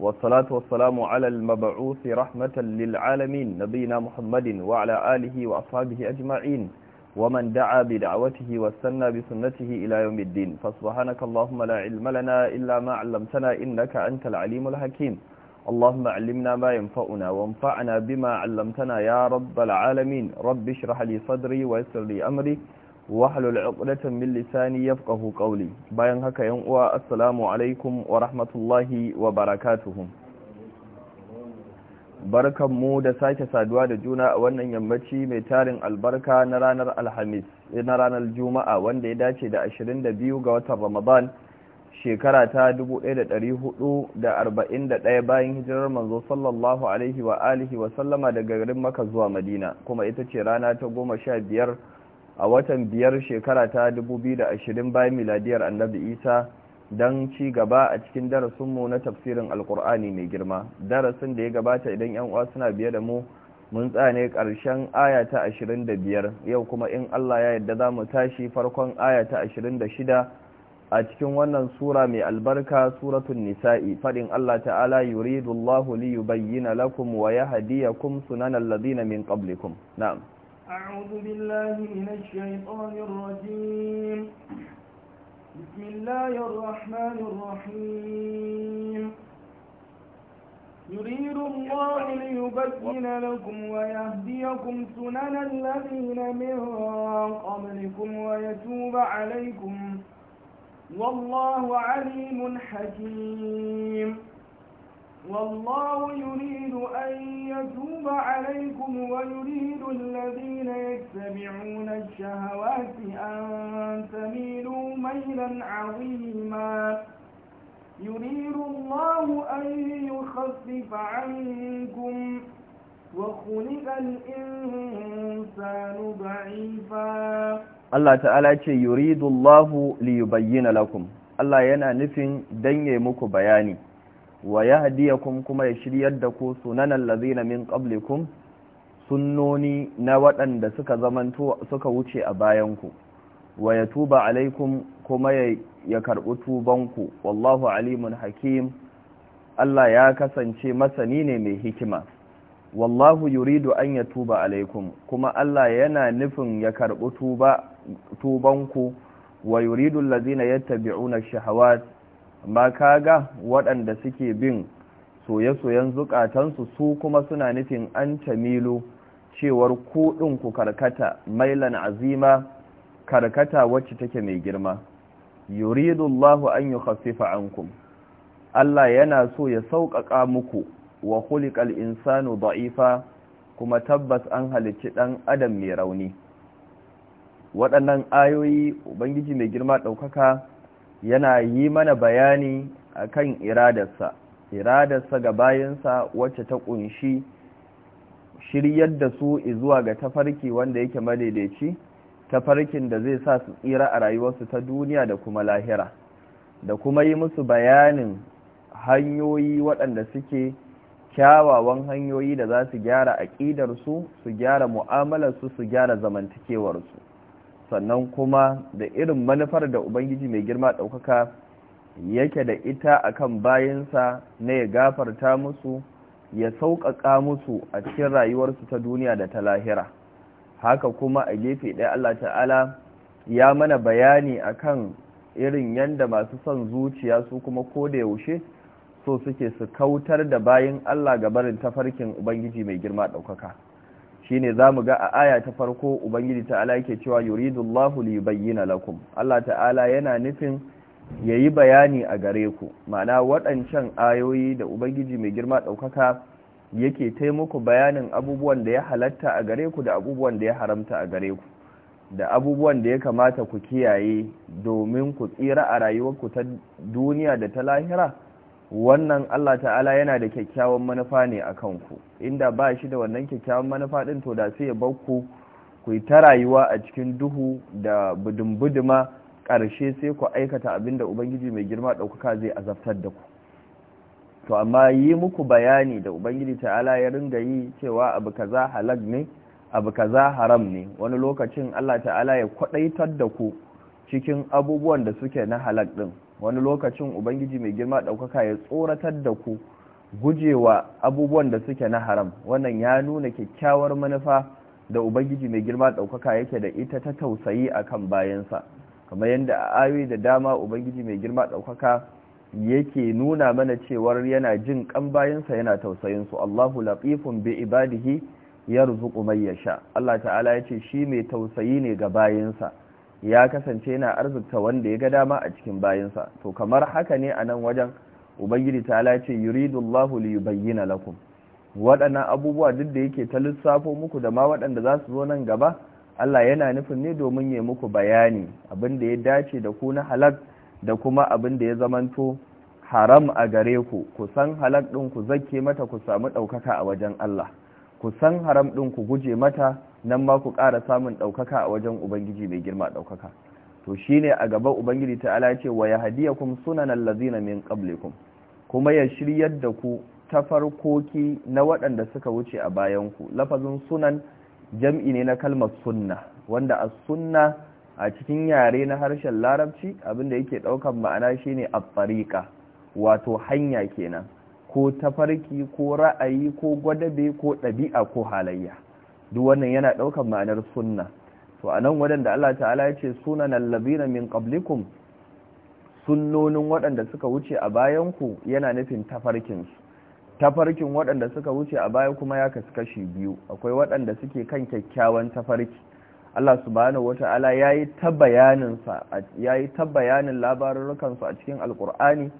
والصلاة والسلام على المبعوث رحمة للعالمين نبينا محمد وعلى آله وأصحابه أجمعين ومن دعا بدعوته واستنى بسنته إلى يوم الدين فسبحانك اللهم لا علم لنا إلا ما علمتنا إنك أنت العليم الحكيم اللهم علمنا ما ينفعنا وانفعنا بما علمتنا يا رب العالمين رب اشرح لي صدري ويسر لي أمري wahalul uqdatan min lisani yafqahu qawli bayan haka yan uwa assalamu alaikum wa rahmatullahi wa barakatuh barkanmu da sake saduwa da juna a wannan yammaci mai tarin albarka na ranar alhamis eh, na ranar juma'a wanda ya dace da 22 ga watan ramadan shekara ta 1441 bayan hijirar manzo sallallahu alaihi wa alihi wa sallama daga garin maka zuwa madina kuma ita ce rana ta goma sha biyar. a watan biyar shekara ta 2020 bayan miladiyar annabi isa don ci gaba a cikin darasinmu na tafsirin alkur'ani mai girma darasin da ya gabata idan yan uwa suna biye da mu mun tsane ƙarshen aya ta biyar yau kuma in allah ya yadda za mu tashi farkon aya ta shida a cikin wannan sura mai albarka suratun nisa'i fadin Allah ta'ala yuridullahu bayyana lakum wa yahdiyakum sunanal ladina min qablikum na'am أعوذ بالله من الشيطان الرجيم بسم الله الرحمن الرحيم يريد الله ليبين لكم ويهديكم سنن الذين من قبلكم ويتوب عليكم والله عليم حكيم والله يريد أن يتوب عليكم ويريد الذين يتبعون الشهوات أن تميلوا ميلا عظيما يريد الله أن يخفف عنكم وخلق الإنسان ضعيفا الله تعالى يريد الله ليبين لكم الله ينا نفن دنيا مكو بياني wa yahdiyakum kuma ya shiryar da ku sunanan lazina min qablikum sunnoni na waɗanda suka zamanto suka wuce a bayanku wa ya tuba alaikum kuma ya karɓi tubanku wallahu alimun hakim Allah ya kasance masani ne mai hikima wallahu yuridu an ya tuba alaikum kuma Allah yana nufin ya karɓi tubanku wa yuridu lazina yattabi'una shahawat amma kaga waɗanda suke bin soye-soyen zukatansu su kuma suna nufin an tamilo cewar kuɗin ku karkata mailan azima karkata wacce take mai girma yuridullahu an yukhaffifa ankum Allah yana so ya sauƙaƙa muku wa hulikal insanu da'ifa kuma tabbas an halicci ɗan adam mai rauni waɗannan ayoyi ubangiji mai girma ɗaukaka yana yi mana bayani a kan iradarsa iradarsa ga bayansa wacce ta kunshi shiryar da su izuwa ga tafarki wanda yake madaidaici tafarkin da zai sa su tsira a rayuwarsu ta duniya da kuma lahira da kuma yi musu bayanin hanyoyi waɗanda suke kyawawan hanyoyi da za su gyara aƙidarsu su gyara mu'amalarsu su gyara zamantakewarsu sannan kuma da irin manufar da ubangiji mai girma ɗaukaka yake da ita a kan bayansa na ya gafarta musu ya sauƙaƙa musu a cikin rayuwarsu ta duniya da ta lahira haka kuma a gefe ɗaya Allah ta'ala ya mana bayani akan irin yadda masu son zuciya su kuma ko da yaushe so suke su kautar da bayan Allah ga barin tafarkin Ubangiji mai girma ɗaukaka shine zamu ga a aya ta farko ubangiji ta'ala yake cewa yuridullahu liyubayyana lakum Allah ta'ala yana nufin yayi bayani a gare ku ma'ana waɗancan ayoyi da ubangiji mai girma ɗaukaka yake taimako bayanin abubuwan da ya halatta a gare ku da abubuwan da ya haramta a gare ku da abubuwan da ya kamata ku kiyaye domin ku tsira a rayuwarku ta duniya da ta lahira wannan Allah ta'ala yana da kyakkyawan manufa ne a kanku inda ba shi da wannan kyakkyawan manufa ɗin to da sai ya bakku ku yi ta rayuwa a cikin duhu da budumbuduma ƙarshe sai ku aikata abinda ubangiji mai girma ɗaukaka zai azabtar da ku to amma yi muku bayani da ubangiji ta'ala ya ringa yi cewa abu kaza halag ne abu kaza haram ne wani lokacin Allah ta'ala ya kwaɗaitar da ku cikin abubuwan da suke na halag ɗin wani lokacin ubangiji mai girma daukaka ya tsoratar da ku gujewa abubuwan da suke na haram wannan ya nuna kyakkyawar manufa da ubangiji mai girma ɗaukaka yake da ita ta tausayi a kan bayansa kamar yadda a ayoyi da dama ubangiji mai girma ɗaukaka yake nuna mana cewar yana jin kan bayansa yana tausayin su Allahu latifun bi ibadihi yarzuqu ya sha Allah ta'ala ya ce shi mai tausayi ne ga bayansa ya kasance na arzikta wanda ya ga dama a cikin bayinsa to kamar haka ne a nan wajen ubangiji ta lace yuridullahu li bayyana lakum waɗannan abubuwa duk da yake ta lissafo muku da ma waɗanda za su zo nan gaba Allah yana nufin ne domin ya muku bayani abin da ya dace da ku na halak da kuma abin da ya zamanto haram a gare ku ku san halak ɗin ku zakke mata ku samu ɗaukaka a wajen Allah ku san haram ɗin ku guje mata nan ma ku ƙara samun ɗaukaka a wajen ubangiji mai girma ɗaukaka to shine a gaban ubangiji ta ala ce wa ya hadiya kum sunan allazina min ku kuma ya shiryar da ku ta farkoki na waɗanda suka wuce a bayan ku lafazin sunan jam'i ne na kalmar sunna wanda a sunna a cikin yare na harshen larabci abin da yake ɗaukar ma'ana shine ne tariqa wato hanya kenan ko tafarki ko ra'ayi ko gwadabe ko ɗabi'a ko halayya duk wannan yana ɗaukar ma'anar sunna to anan wadanda Allah ta'ala ya ce sunan allabina min qablikum sunnonin waɗanda suka wuce a bayanku yana nufin tafarkinsu tafarkin waɗanda suka wuce a baya kuma ya kasu kashi biyu akwai waɗanda suke kan kyakkyawan tafarki Allah subhanahu wata'ala yayi ta bayanin sa yayi ta bayanin labarurukan su a cikin alkur'ani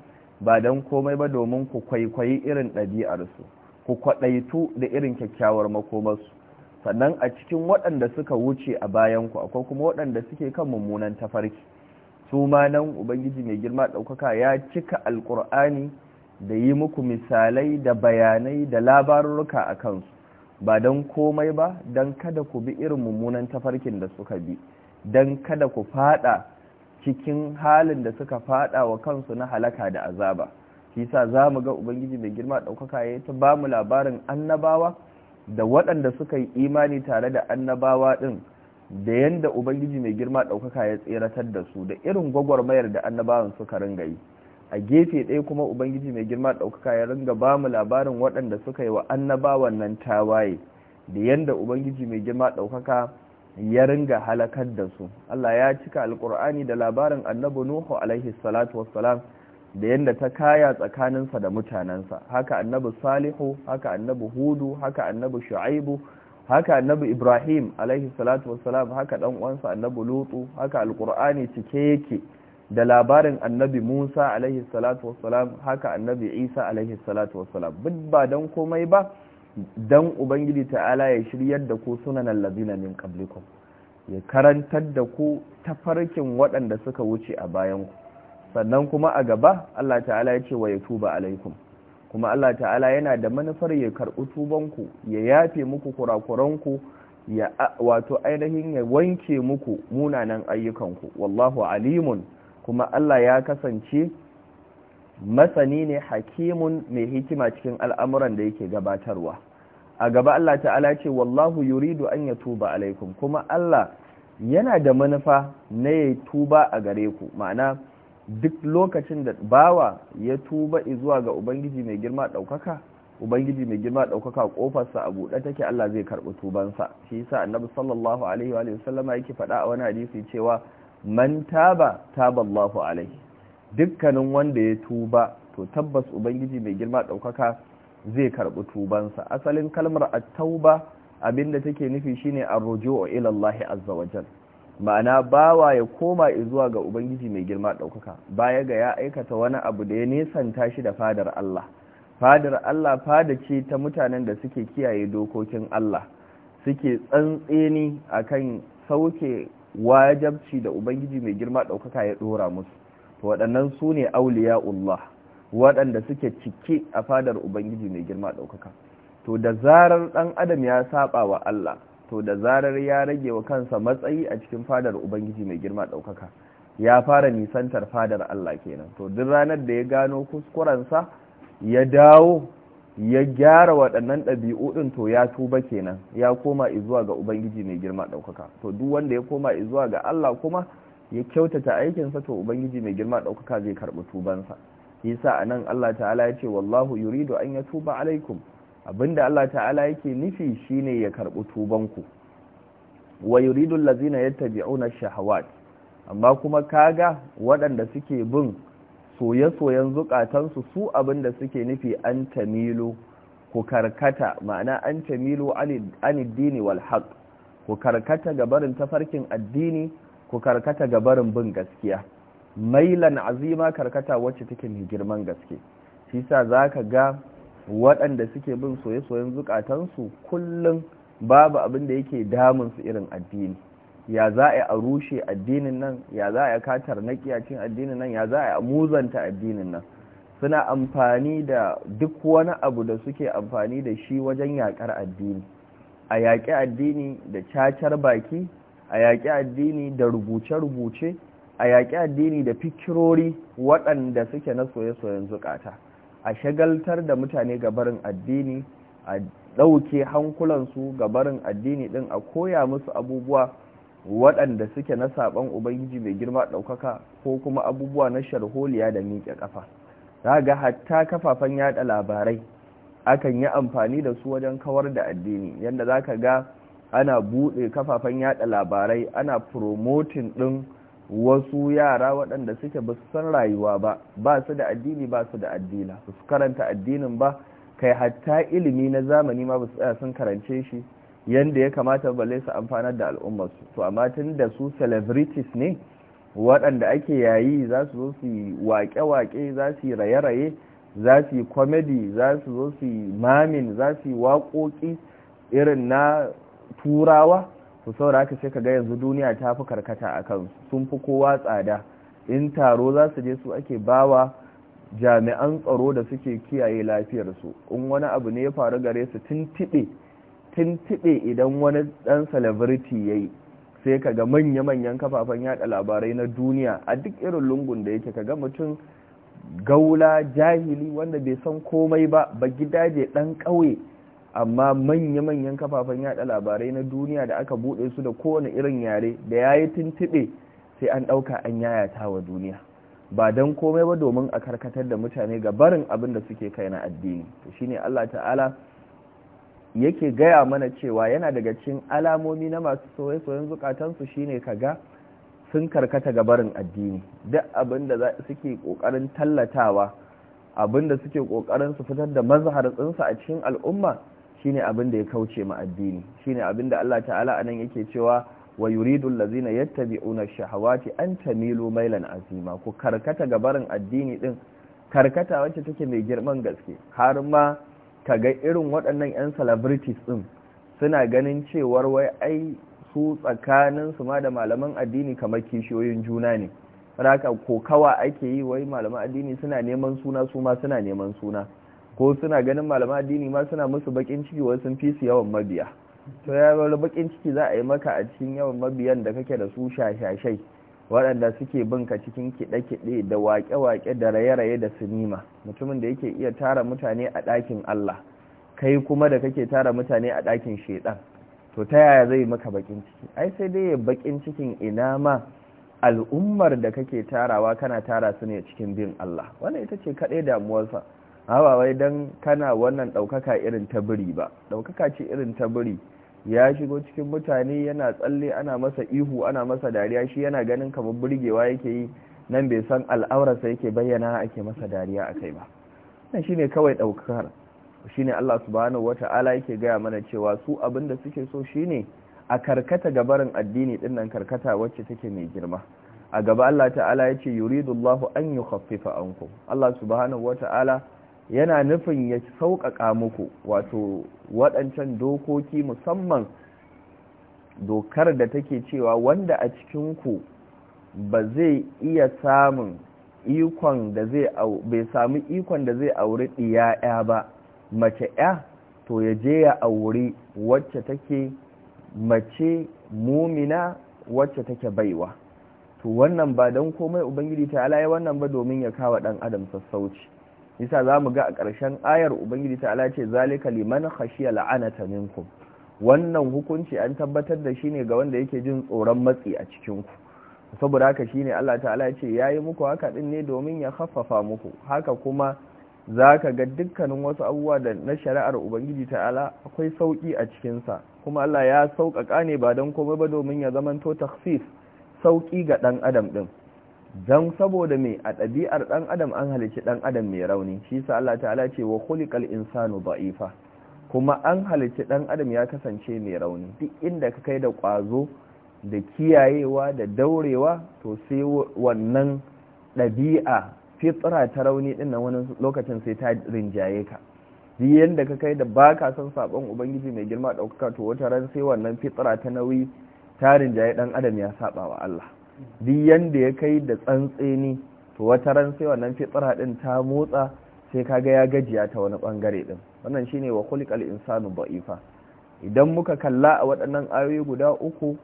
ba dan komai ba domin ku kwaikwayi irin su ku kwadaitu da irin kyakkyawar makomarsu sannan a cikin waɗanda suka wuce a bayanku akwai kuma waɗanda suke kan mummunan tafarki su ma nan ubangiji mai girma ɗaukaka ya cika alƙur'ani da yi muku misalai da bayanai da labarurruka a kansu ba don komai ba don kada ku bi irin mummunan tafarkin da suka bi don kada ku fada cikin halin da suka fada wa kansu na halaka da azaba shi sa za mu ga ubangiji mai girma ɗaukaka ya yi ta ba mu labarin annabawa da waɗanda suka yi imani tare da annabawa ɗin da yadda ubangiji mai girma ɗaukaka ya tseratar da su da irin gwagwarmayar da annabawan suka ringa yi a gefe ɗaya kuma ubangiji mai girma ɗaukaka ya ringa ba mu labarin waɗanda suka yi wa annabawan nan tawaye da yadda ubangiji mai girma ɗaukaka ya ringa halakar da su allah ya cika alkur'ani da labarin annabi nuhu alaihi salatu wassalam da yadda ta kaya tsakaninsa da mutanensa haka annabi salihu haka annabi hudu haka annabi shu'aibu haka annabi ibrahim alaihi salatu wassalam haka dan uwansa annabi lutu haka alqur'ani cike yake da labarin annabi musa alaihi salatu wassalam haka annabi isa alaihi salatu wassalam duk ba dan komai ba dan ubangiji ta'ala ya shiryar da ku sunan allazina min qablikum ya karantar da ku tafarkin waɗanda suka wuce a bayanku sannan kuma a gaba Allah ta'ala ya ce wa ya tuba alaikum kuma Allah ta'ala yana da manufar ya karɓi tubanku ya yafe muku kurakuranku ya wato ainihin ya wanke muku munanan ayyukanku wallahu alimun kuma Allah ya kasance masani ne hakimun mai hikima cikin al'amuran da yake gabatarwa a gaba Allah ta'ala ce wallahu yuridu an ya tuba alaikum kuma Allah yana da manufa na ya tuba a gare ku ma'ana duk lokacin da bawa ya tuba zuwa ga ubangiji mai girma daukaka ubangiji mai girma daukaka kofarsa a buɗe take Allah zai karɓi tubansa shi yasa annabi sallallahu alaihi wa sallama yake faɗa a wani hadisi cewa man taba taba alaihi dukkanin wanda ya tuba to tabbas ubangiji mai girma daukaka zai karɓi tubansa asalin kalmar at-tauba abinda take nufi shine ar-ruju'u ila Allah azza wajalla ma'ana bawa ya koma zuwa ga ubangiji mai girma ɗaukaka baya ga ya aikata wani abu da ya nisan tashi da fadar Allah fadar Allah fada ce ta mutanen da suke kiyaye dokokin Allah suke tsantseni akan sauke wajabci da ubangiji mai girma ɗaukaka ya ɗora musu to waɗannan su ne auliya'ullah waɗanda suke cike a fadar ubangiji mai girma ɗaukaka to da zarar ɗan adam ya saba wa Allah to da zarar ya rage wa kansa matsayi a cikin fadar ubangiji mai girma ɗaukaka ya fara nisantar fadar Allah kenan to duk ranar da ya gano kuskurensa ya dawo ya gyara waɗannan ɗabi'u ɗin to ya tuba kenan ya koma izuwa ga ubangiji mai girma ɗaukaka to duk wanda ya koma izuwa ga Allah kuma ya kyautata aikinsa to ubangiji mai girma ɗaukaka zai karɓi tubansa yasa anan Allah ta'ala ya ce wallahu yuridu an yatuba alaikum abinda Allah ta'ala yake nufi shine ya karbi tubanku wa yuridul ladzina yattabi'una shahawat amma kuma kaga waɗanda suke bin soye-soyen zuƙatansu su abinda suke nufi an tamilu ku karkata ma'ana an tamilu aniddini wal haqq ku karkata gabarin tafarkin addini ku karkata gabarin bin gaskiya mailan azima karkata wacce take mai girman gaske shi sa zaka ga waɗanda suke bin soye-soyen zukatansu kullum babu abin da yake damunsu irin addini ya za a yi a rushe addinin nan ya za a yi katar na addinin nan ya za a yi a muzanta addinin nan suna amfani da duk wani abu da suke amfani da shi wajen yaƙar addini a yaƙi addini da cacar baki a yaƙi addini da rubuce-rubuce a yaƙi addini da fikirori waɗanda suke na soye-soyen zukata a shagaltar da mutane gabarin addini a ɗauke hankulansu gabarin addini ɗin a koya musu abubuwa waɗanda suke na saɓon ubangiji mai girma ɗaukaka ko kuma abubuwa na sharholiya da miƙe ƙafa za ga hatta kafafen yada labarai akan yi amfani da su wajen kawar da addini yadda za ka ga ana buɗe kafafen yada labarai ana promoting ɗin wasu yara waɗanda suke ba su san rayuwa ba ba su da addini ba su da addina su karanta addinin ba kai hatta ilimi na zamani ma ba su tsaya sun karance shi yadda ya kamata balle su amfana da al'ummarsu to amma tun da su celebrities ne waɗanda ake yayi za su zo su yi waƙe-waƙe za su yi raye-raye za su yi komedi za su zo su yi mamin za su yi waƙoƙi irin na turawa to saboda haka sai kaga yanzu duniya ta fi karkata a kan sun fi kowa tsada in taro za su je su ake bawa jami'an tsaro da suke kiyaye lafiyarsu in wani abu ne ya faru gare su tintiɓe idan wani ɗan celebrity ya yi sai kaga manya-manyan kafafen yada labarai na duniya a duk irin lungun da yake kaga mutum gaula jahili wanda bai san komai ba ba gidaje ɗan ƙauye amma manya-manyan kafafen yaɗa labarai na duniya da aka buɗe su da kowane irin yare da ya yi tuntube sai an ɗauka an yayata wa duniya ba don komai ba domin a karkatar da mutane ga barin abin da suke kai na addini to shine Allah ta'ala yake gaya mana cewa yana daga cikin alamomi na masu soye-soyen zukatansu shine kaga sun karkata ga barin addini duk abin da suke kokarin tallatawa abin da suke kokarin su fitar da mazharinsu a cikin al'umma shine abin da ya kauce ma addini shine abin da Allah ta'ala anan yake cewa wa yuridu allazina yattabi'una ash-shahawati an tamilu mailan azima ku karkata gabarin addini din karkata wacce take mai girman gaske har ma kaga irin waɗannan 'yan celebrities din suna ganin cewar wai ai su tsakanin su ma da malaman addini kamar kishiyoyin juna ne raka kokawa ake yi wai malaman addini suna neman suna su ma suna neman suna ko suna ganin malama addini ma suna musu bakin ciki wani sun fi su yawan mabiya to ya wani bakin ciki za a yi maka a cikin yawan mabiyan da kake da su shashashai waɗanda suke bin ka cikin kiɗe-kiɗe da waƙe-waƙe da raye-raye da sinima mutumin da yake iya tara mutane a ɗakin Allah kai kuma da kake tara mutane a ɗakin shaiɗan to ta yaya zai maka bakin ciki ai sai dai ya bakin cikin ina ma al'ummar da kake tarawa kana tara su ne cikin bin Allah wannan ita ce kaɗai damuwarsa hawa wai don kana wannan ɗaukaka irin ta biri ba ɗaukaka ce irin ta biri ya shigo cikin mutane yana tsalle ana masa ihu ana masa dariya shi yana ganin kamar burgewa yake yi nan bai san al'aurarsa yake bayyana ake masa dariya a kai ba nan shine kawai ɗaukakar shine Allah subhanahu wata'ala yake gaya mana cewa su abin da suke so shine a karkata gabarin addini din nan karkata wacce take mai girma a gaba Allah ta'ala yace yuridullahu an yukhaffifa ankum Allah subhanahu wata'ala yana nufin ya sauƙaƙa muku wato waɗancan dokoki musamman dokar da take cewa wanda a cikinku ba zai iya samun ikon da zai bai sami ikon da zai auri ɗiya'ya ba mace ya to ya je ya auri wacce take mace mumina wacce take baiwa to wannan ba don komai ubangiji ta alaye wannan ba domin ya kawa ɗan adam sassauci yasa mu ga a ƙarshen ayar ubangiji ta ce zalika liman khashiya la'anata minkum wannan hukunci an tabbatar da shi ne ga wanda yake jin tsoron matsi a cikin ku saboda haka shine Allah ta'ala ce yi muku haka din ne domin ya khaffafa muku haka kuma za ka ga dukkanin wasu abubuwa da na shari'ar ubangiji ta'ala akwai sauƙi a cikin sa kuma Allah ya sauƙaƙa ne ba don komai ba domin ya zamanto takhfif sauƙi ga ɗan adam ɗin. don saboda mai a ɗabi'ar ɗan adam an halici ɗan adam mai rauni shi sa Allah ta'ala ce wa khuliqal insanu da'ifa kuma an halici ɗan adam ya kasance mai rauni duk inda ka kai da kwazo da kiyayewa da daurewa to sai wannan ɗabi'a fitra ta rauni ɗin na wani lokacin sai ta rinjaye ka duk yadda ka kai da baka ka son saɓon ubangiji mai girma ɗaukaka to wata ran sai wannan fitra ta nauyi ta rinjaye ɗan adam ya saɓa wa Allah duk yanda ya kai da tsantseni to wata ran sai wannan fitra din ta motsa sai kaga ya gajiya ta wani bangare din wannan shine wa khuliqal insanu da'ifa idan muka kalla a waɗannan ayoyi guda uku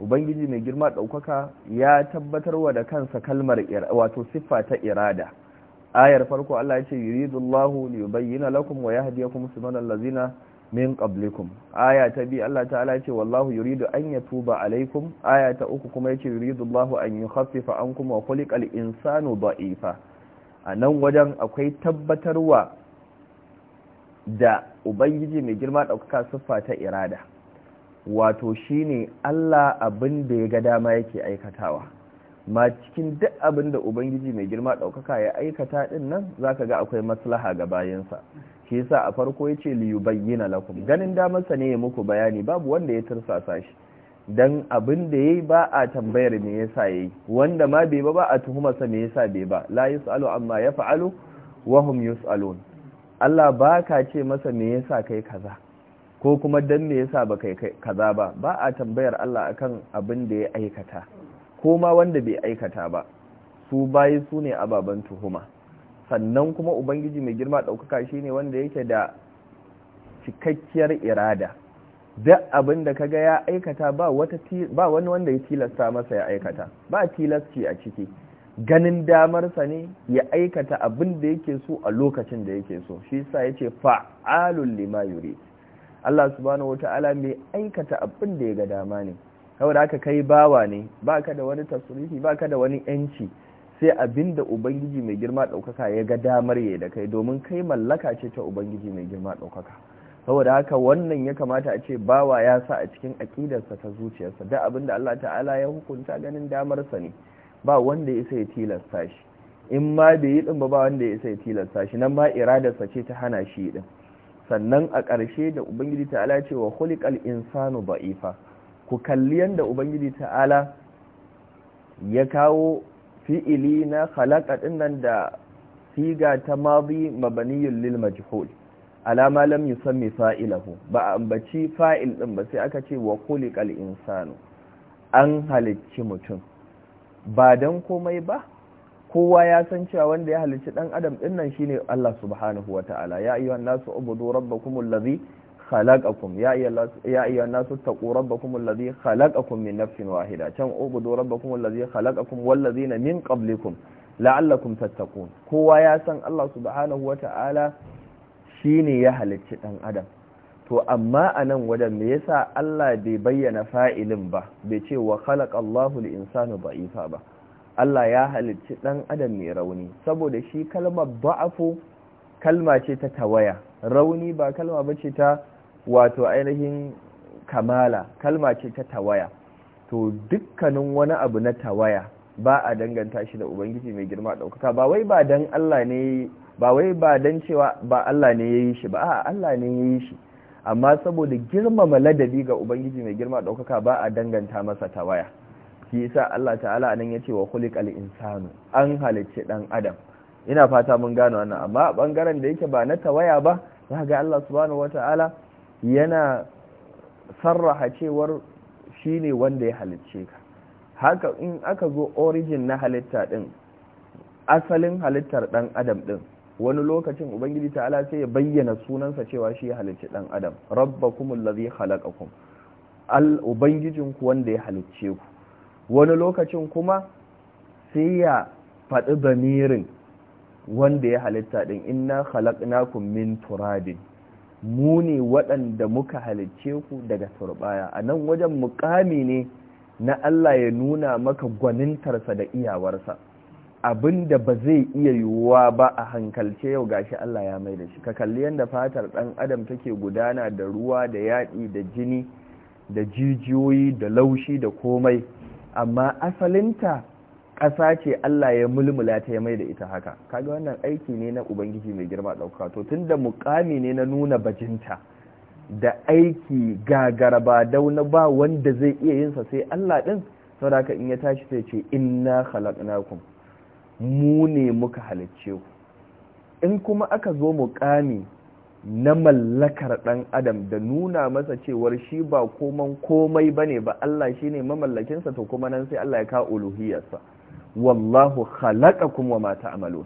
ubangiji mai girma ɗaukaka ya tabbatar wa da kansa kalmar wato siffa ta irada ayar farko Allah ya ce yuridullahu liyubayyana lakum wa yahdiyakum sunan allazina min qablikum aya ta bi Allah ta'ala ce wallahu yuridu an yatuba alaikum aya ta uku kuma yace yuridu Allahu an yukhaffifa ankum wa khuliqal insanu da'ifa anan wajen akwai tabbatarwa da ubangiji mai girma daukaka siffa ta irada wato shine Allah abin da ya ga dama yake aikatawa ma cikin duk abin da ubangiji mai girma ɗaukaka ya aikata ɗin nan za ka ga akwai maslaha ga bayansa shi yasa a farko ya ce liyu bayyana lakum ganin damarsa ne ya muku bayani babu wanda ya tursasa shi don abin da ya yi ba a tambayar me yasa ya yi wanda ma bai ba ba a tuhumarsa me yasa bai ba la yus'alu amma ya fa'alu wa hum yus'alun Allah ba ce masa me yasa kai kaza ko kuma dan me yasa ba kai kaza ba ba a tambayar Allah akan abin da ya aikata ko ma wanda bai aikata ba su bayi su ne ababen tuhuma sannan kuma ubangiji mai girma ɗaukaka shi ne wanda yake da cikakkiyar irada duk abin da kaga ya aikata ba wani wanda ya tilasta masa ya aikata ba tilasci a ciki ganin damarsa ne ya aikata abin da yake so a lokacin da yake so shi sa ya ce fa'alun lima yuri Allah subhanahu ta’ala mai aikata abin da ya ga dama ne saboda haka kai bawa ne baka da wani ba baka da wani yanci sai abin da ubangiji mai girma daukaka ya ga damar yayi da kai domin kai mallaka ce ta ubangiji mai girma daukaka saboda haka wannan ya kamata a ce bawa ya sa a cikin aƙidarsa ta zuciyarsa da abin da Allah ta'ala ya hukunta ganin damarsa ne ba wanda ya sai tilasta shi in ma bai yi din ba ba wanda ya sai tilasta shi nan ma iradarsa ce ta hana shi din sannan a ƙarshe da ubangiji ta'ala ce wa khuliqal insanu ba'ifa ku kalli yadda ubangiji ta'ala ya kawo fi'ili na khalaqa dinnan da siga ta mabi mabaniyun lil majhul alama lam yusammi fa'ilahu ba a ambaci fa'il ɗin ba sai aka ce wa khuliqal insanu an halicci mutum ba dan komai ba kowa ya san cewa wanda ya halicci dan adam dinnan shine Allah subhanahu wataala ya ayyuhan nasu ubudu rabbakumul ladzi khalaqakum ya ayyuhan nasu taqu rabbakum alladhi khalaqakum min nafsin wahida can ubudu rabbakum alladhi khalaqakum wallazina min qablikum la'allakum tattaqun kowa ya san Allah subhanahu wa ta'ala shi ne ya halicci ɗan adam to amma a nan wajen me yasa Allah bai bayyana fa'ilin ba bai ce wa khalaqa Allahu al-insana da'ifa ba Allah ya halicci ɗan adam mai rauni saboda shi kalmar da'afu kalma ce ta tawaya rauni ba kalma bace ta wato ainihin kamala kalma ce ta tawaya to dukkanin wani abu na tawaya ba a danganta shi da ubangiji mai girma daukaka ba wai ba dan Allah ne ba wai ba dan cewa ba Allah ne yayi shi ba a Allah ne yayi shi amma saboda girmama ladabi ga ubangiji mai girma ɗaukaka ba a danganta masa tawaya shi yasa Allah ta'ala anan yace wa khuliqal insanu an halicci dan adam ina fata mun gano wannan amma bangaren da yake ba na tawaya ba za ga Allah subhanahu wataala yana sarraha cewar shi ne wanda ya halicce ka haka in aka zo origin na halitta din asalin halittar dan adam din wani lokacin ubangiji ta'ala sai ya bayyana sunansa cewa shi ya halicci dan adam rabbakumul ladhi khalaqakum al ku wanda ya halicce ku wani lokacin kuma sai ya faɗi damirin wanda ya halitta din inna khalaqnakum min turabin mu ne waɗanda muka halicce ku daga turbaya a nan wajen mukami ne na Allah ya nuna maka gwanintarsa da iyawarsa abin da ba zai iya yiwuwa ba a hankalce yau gashi Allah ya mai da shi ka kalli yadda fatar ɗan adam take gudana da ruwa da yaɗi da jini da jijiyoyi da laushi da komai amma asalinta ƙasa ce Allah ya mulmula ta ya mai da ita haka kaga wannan aiki ne na ubangiji mai girma ɗauka to da mukami ne na nuna bajinta da aiki ga dau na ba wanda zai iya yinsa sai Allah ɗin saboda haka in ya tashi sai ce inna khalaqnakum mu ne muka halicce ku in kuma aka zo mukami na mallakar ɗan adam da nuna masa cewar shi ba koman komai ba ne ba Allah shi ne mamallakinsa to kuma nan sai Allah ya ka uluhiyarsa wallahu khalaqakum wa ma ta'malun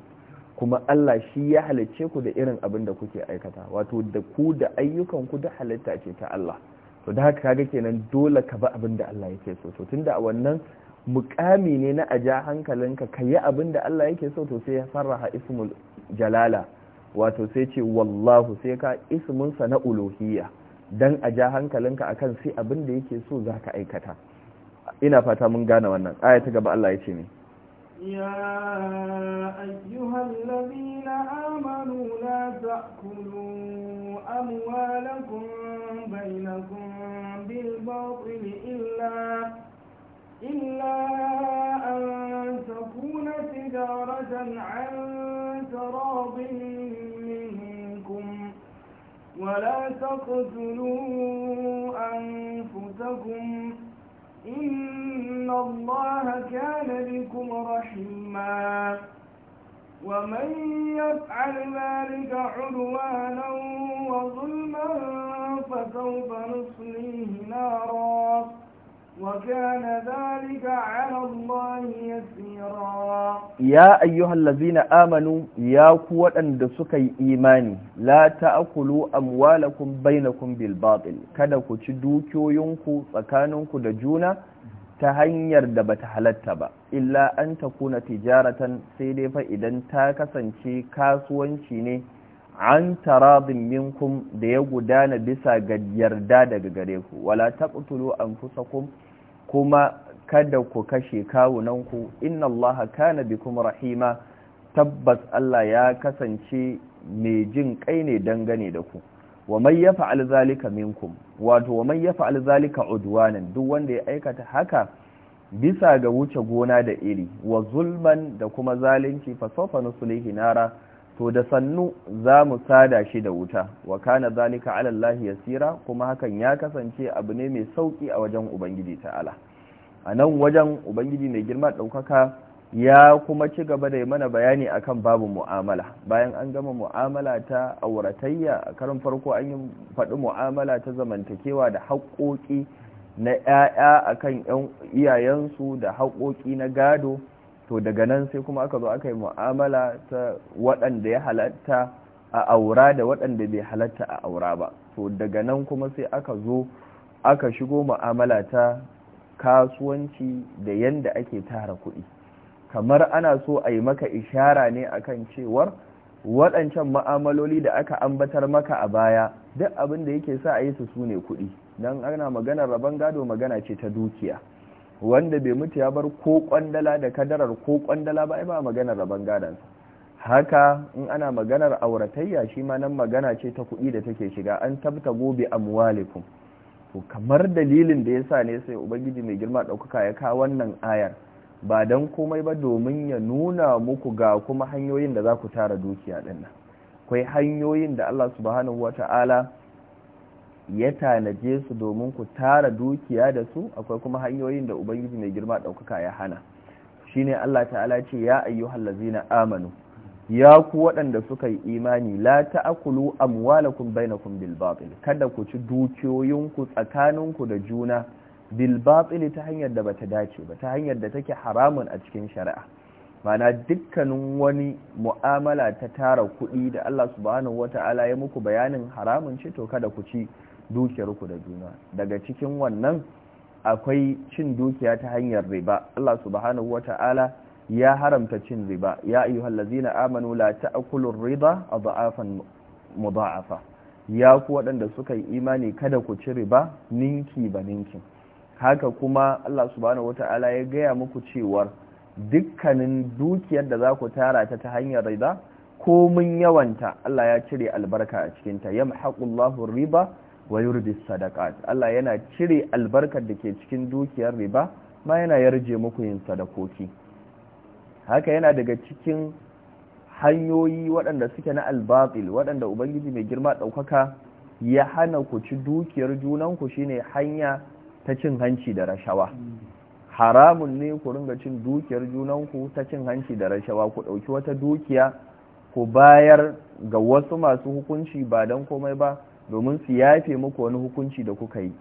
kuma Allah shi ya halicce ku da irin abin da kuke aikata wato da ku da ayyukan ku da halitta ce ta Allah to da haka kaga kenan dole ka ba abin da Allah yake so to tunda a wannan mukami ne na aja hankalinka ka yi abin da Allah yake so to sai ya sarraha ismul jalala wato sai ce wallahu sai ka sa na uluhiyya dan aja hankalinka akan sai abin da yake so za ka aikata ina fata mun gane wannan aya ta gaba Allah ya ce ne يا أيها الذين آمنوا لا تأكلوا أموالكم بينكم بالباطل إلا إلا أن تكون تجارة عن تراض منكم ولا تقتلوا أنفسكم إن الله كان بكم رحيما ومن يفعل ذلك عدوانا وظلما فسوف نصليه نارا Ya ذلك على الله يسيرا يا أيها الذين آمنوا يا قوة أن سكي إيماني لا تأكلوا أموالكم بينكم بالباطل kada ku ci dukiyoyinku tsakaninku da juna ta hanyar da bata halatta ba illa an takuna tijaratan sai dai fa idan ta kasance kasuwanci ne an taradin minkum da ya gudana bisa ga yarda daga gare ku wala taqtulu anfusakum kuma kada ku kashe kawunanku inna allaha kana kuma rahima tabbas Allah ya kasance mai jin kai ne dangane da ku wa man yaf'al zalika minkum wato wa man yaf'al zalika udwanan duk wanda ya aikata haka bisa ga wuce gona da iri wa zulman da kuma zalunci fa sawfa hinara. nara to da sannu za mu sada shi da wuta wa kana zalika ala Allah yasira kuma hakan ya kasance abu ne mai sauki a wajen ubangiji ta'ala a nan wajen ubangiji mai girma ɗaukaka ya kuma ci gaba da mana bayani akan babu mu'amala bayan an gama mu'amala ta auratayya a karin farko an yi faɗi mu'amala ta zamantakewa da haƙoƙi na ƴaƴa akan iyayensu da haƙoƙi na gado to daga nan sai kuma aka zo aka yi mu'amala ta waɗanda ya halatta a aura da waɗanda bai halatta a aura ba to daga nan kuma sai aka zo aka shigo mu'amala ta kasuwanci da yanda ake tara kuɗi kamar ana so a yi maka ishara ne akan cewar waɗancan ma'amaloli da aka ambatar maka a baya duk abin da yake sa a yi su su ne kuɗi don ana maganar rabon gado magana ce ta dukiya wanda bai mutu ya bar ko kwandala da kadarar ko kwandala ba ba maganar rabon gadansa haka in ana maganar auratayya shi ma nan magana ce ta kuɗi da take shiga an tabta gobe amwalikum to kamar dalilin da ya sa ne sai ubangiji mai girma ɗaukaka ya kawo wannan ayar ba don komai ba domin ya nuna muku ga kuma hanyoyin da za ku tara dukiya ɗin nan akwai hanyoyin da Allah subhanahu wata'ala ya tanaje su domin ku tara dukiya da su akwai kuma hanyoyin da ubangiji mai girma ɗaukaka ya hana shi ne Allah ta'ala ce ya hallazi na amanu ya ku waɗanda suka yi imani la ta'akulu amwalakum bainakum bil batil kada ku ci dukiyoyin ku tsakanin ku da juna bil ta hanyar da bata dace ba ta hanyar da take haramun a cikin shari'a mana dukkanin wani mu'amala ta tara kuɗi da Allah subhanahu wata'ala ya muku bayanin haramun ce to kada ku ci dukiyar ku da juna daga cikin wannan akwai cin dukiya ta hanyar riba Allah subhanahu wata'ala ya haramta cin riba ya ayu ladzina amanu la ta'kulu ar-riba adhafan mudha'afa ya ku waɗanda suka yi imani kada ku ci riba ninki ba ninki. haka kuma Allah subhanahu wata'ala ya gaya muku cewar dukkanin dukiyar da za ku tara ta ta hanyar riba mun yawanta Allah ya cire albarka a cikinta yamhaqullahu riba wa yurdi sadaqat Allah yana cire albarkar da ke cikin dukiyar riba ma yana yarje muku yin sadakoki haka yana daga cikin hanyoyi waɗanda suke na albabil waɗanda ubangiji mai girma ɗaukaka ya hana ku ci dukiyar junanku shine hanya ta cin hanci da rashawa haramun ne ku ringa cin dukiyar junanku ta cin hanci da rashawa ku ɗauki wata dukiya ku bayar ga wasu masu hukunci ba don komai ba domin su yafe muku wani hukunci da kuka yi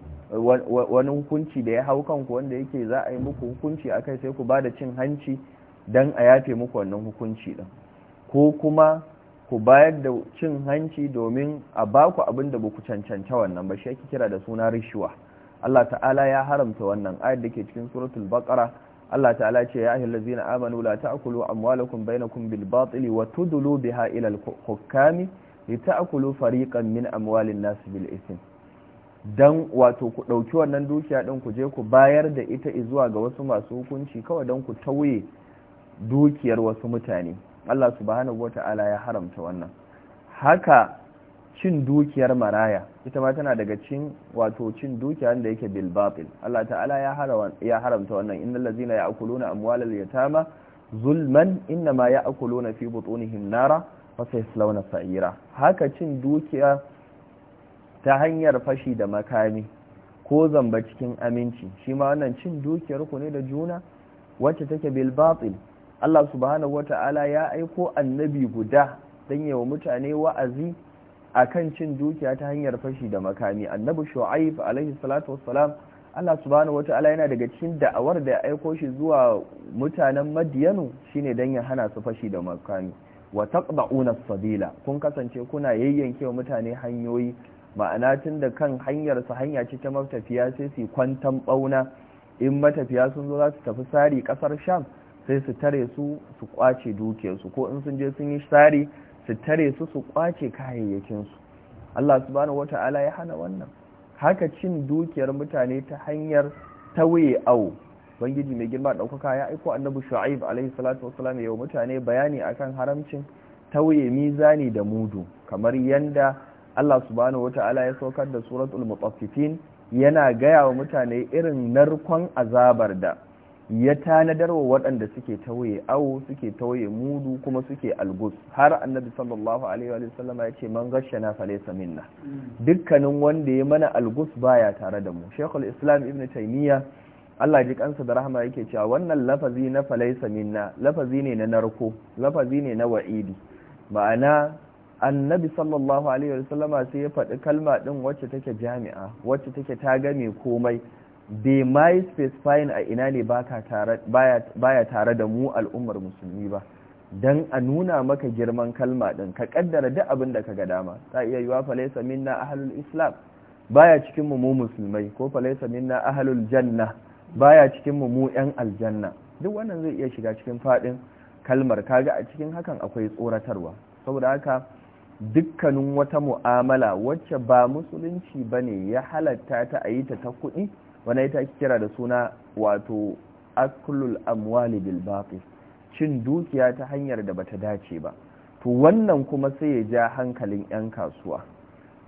wani hukunci da ya hau kanku wanda yake za a yi muku hukunci a kai sai ku ba da cin hanci don a yafe muku wannan hukunci ɗin ko kuma ku bayar da cin hanci domin a ba ku abin da ba ku cancanta wannan ba shi ake kira da suna rishuwa Allah ta'ala ya haramta wannan ayar da ke cikin suratul baqara Allah ta'ala ce ya ayyuhal ladzina amanu la ta'kulu amwalakum bainakum bil batili wa tudlu biha ila al hukami ita akulu fariqan min amwalin nas bil ism dan wato ku dauki wannan dukiya din ku je ku bayar da ita zuwa ga wasu masu hukunci kawai dan ku tauye dukiyar wasu mutane Allah subhanahu wata'ala ya haramta wannan haka cin dukiyar maraya ita ma tana daga cin wato cin dukiya da yake bil batil Allah ta'ala ya haramta wannan innal ladzina ya'kuluna amwalal yatama zulman inma ya'kuluna fi butunihim nara fasa launa sa'ira haka cin dukiya ta hanyar fashi da makami ko zamba cikin aminci shi ma wannan cin dukiyar ku ne da juna wacce take bil batil Allah subhanahu wata'ala ya aiko annabi guda dan yawa mutane wa'azi akan cin dukiya ta hanyar fashi da makami annabi shu'aib alaihi salatu wassalam Allah subhanahu wata'ala yana daga cikin da'awar da ya aiko shi zuwa mutanen madiyanu shine dan ya hana su fashi da makami wa taqba'una as-sabila kun kasance kuna wa mutane hanyoyi ma'ana tunda kan hanyar su hanya ce ta matafiya sai su kwantan bauna in matafiya sun zo za su tafi sari kasar sham sai su tare su su kwace dukiyarsu ko in sun je sun yi sari su tare su su kwace kayayyakinsu Allah subhanahu wata'ala ya hana wannan haka cin dukiyar mutane ta hanyar tawaye au bangiji mai girma daukaka ya aiko annabi shu'aib alaihi salatu wassalam yau mutane bayani akan haramcin tauye mizani da mudu kamar yanda Allah subhanahu wataala ya saukar da suratul mutaffifin yana gaya wa mutane irin narkon azabar da ya tanadar wa waɗanda suke tauye awo suke tauye mudu kuma suke algus har annabi sallallahu alaihi wa sallama ya ce man gashana falaysa minna mm. dukkanin wanda ya mana algus baya tare da mu shaykhul islam ibn taymiya Allah ji kansa da rahama yake cewa wannan lafazi na falaisa minna lafazi ne na narko lafazi ne na wa'idi ma'ana annabi sallallahu alaihi sallam sai ya faɗi kalma din wacce take jami'a wacce take ta game komai bai mai specifying a ina ne baya tare da mu al'ummar musulmi ba dan a nuna maka girman kalma din, ka ƙaddara duk abin da ka ga dama ta iya yiwa falaisa minna ahlul islam baya cikin mu mu musulmai ko falaisa minna ahlul janna baya cikin mu mu yan aljanna duk wannan zai iya shiga cikin fadin kalmar kaga a cikin hakan akwai tsoratarwa saboda haka dukkanin wata mu'amala wacce ba musulunci bane ya halatta ta a yi ta ta kuɗi wani ita kira da suna wato aklul amwali bil baqi cin dukiya ta hanyar da bata dace ba to wannan kuma sai ya ja hankalin 'yan kasuwa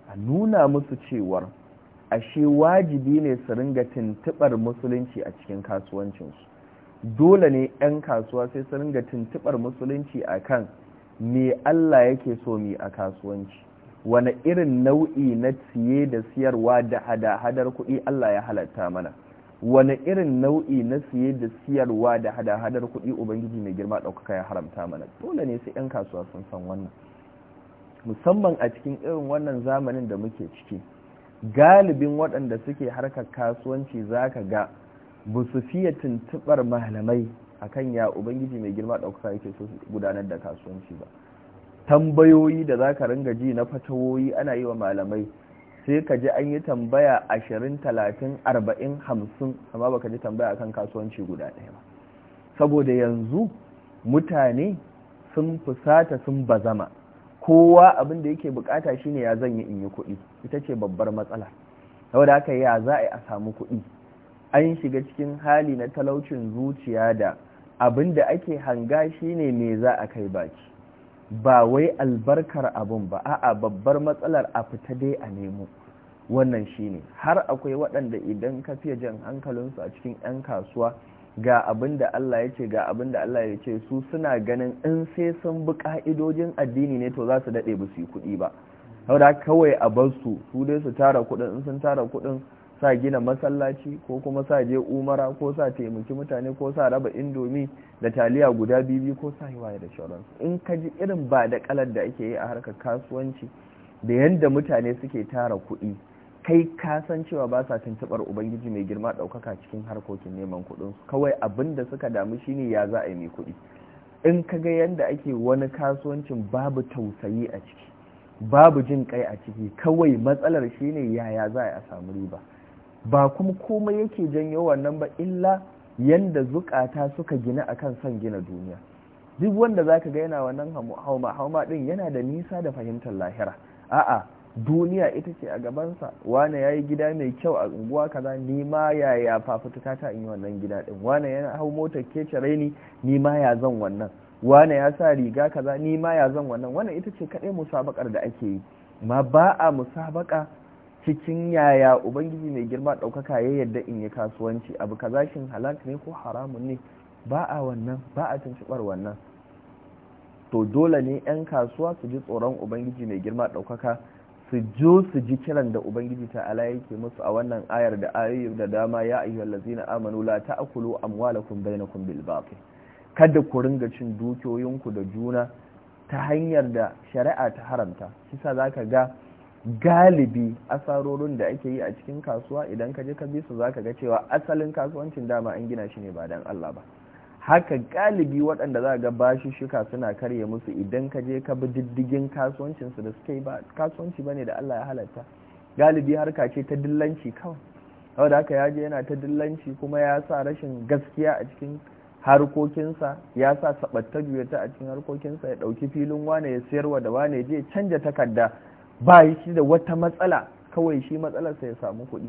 a nuna musu cewar ashe wajibi ne su ringa tuntubar musulunci a cikin kasuwancinsu dole ne 'yan kasuwa sai su ringa tuntubar musulunci a kan me Allah yake so mi a kasuwanci wani irin nau'i na siye da siyarwa da hada-hadar kuɗi Allah ya halatta mana wani irin nau'i na siye da siyarwa da hada-hadar kuɗi ubangiji mai girma ɗaukaka ya haramta mana dole ne sai 'yan kasuwa sun san wannan musamman a cikin irin wannan zamanin da muke ciki galibin waɗanda suke harkar kasuwanci za ka ga ba su fiye tuntuɓar malamai a akan ya ubangiji mai girma ɗauka yake so gudanar da kasuwanci ba tambayoyi da za ka ringa ji na fatawoyi ana yi wa malamai sai ka ji an yi tambaya ashirin talatin arba'in hamsin amma baka ji tambaya akan kasuwanci guda ɗaya ba saboda yanzu mutane sun fusata sun bazama kowa abin da yake bukata shine ya zanyi in yi kuɗi ita ce babbar matsala saboda haka ya za a yi a samu kuɗi an shiga cikin hali na talaucin zuciya da abin da ake hanga shine me za a kai baki ba wai albarkar abin ba a'a babbar matsalar a fita dai a nemo wannan shine har akwai waɗanda idan ka fiye jan hankalinsu a cikin 'yan kasuwa ga abin da Allah ya ce ga abin da Allah ya ce su suna ganin in sai sun bi ka'idojin addini ne to za su daɗe ba su yi kuɗi ba saboda kawai a bar su su dai su tara kuɗin in sun tara kuɗin sa gina masallaci ko kuma sa je umara ko sa taimaki mutane ko sa raba indomi da taliya guda bibi ko sa waye da shawararsu in ka ji irin ba da kalar da ake yi a harkar kasuwanci da yadda mutane suke tara kuɗi kai ka san cewa ba sa tuntubar ubangiji mai girma ɗaukaka cikin harkokin neman kuɗin kawai abin da suka damu shine ya za a yi mai kuɗi in ka ga yadda ake wani kasuwancin babu tausayi a ciki babu jin kai a ciki kawai matsalar shine yaya za a samu riba ba kuma komai yake janyo wannan ba illa yanda zukata suka gina akan son gina duniya duk wanda zaka ga yana wannan hauma hauma din yana da nisa da fahimtar lahira a'a duniya ita ce a gabansa wane ya yi gida mai kyau a unguwa kaza ni ma yaya fafutuka ta in yi wannan gida ɗin wane ya hau motar kece raini ni ma ya zan wannan wane ya sa riga kaza ni ma ya zan wannan wannan ita ce kaɗai musabakar da ake yi ma ba a musabaka cikin yaya ubangiji mai girma ɗaukaka ya yadda in yi kasuwanci abu kaza shin halak ne ko haramun ne ba a wannan ba a tuntuɓar wannan to dole ne 'yan kasuwa su ji tsoron ubangiji mai girma ɗaukaka su jo su ji kiran da ubangiji ta ta'ala yake musu a wannan ayar da ayoyi da dama ya ayyuhal ladzina amanu la ta'kulu amwalakum bainakum bil batil kada ku ringa cin dukiyoyinku da juna ta hanyar da shari'a ta haramta kisa zaka ga galibi asarorin da ake yi a cikin kasuwa idan ka je ka bi su zaka ga cewa asalin kasuwancin dama an gina shi ne ba dan Allah ba haka galibi waɗanda za ga bashi shuka suna karye musu idan ka je ka bi diddigin kasuwancinsu da suke ba kasuwanci bane da Allah ya halatta galibi harka ce ta dillanci kawai saboda haka ya je yana ta dillanci kuma ya sa rashin gaskiya a cikin harkokinsa ya sa sabatta juyata a cikin harkokinsa ya ɗauki filin wane ya sayarwa da wane ya je canja takarda ba shi da wata matsala kawai shi matsalarsa ya samu kuɗi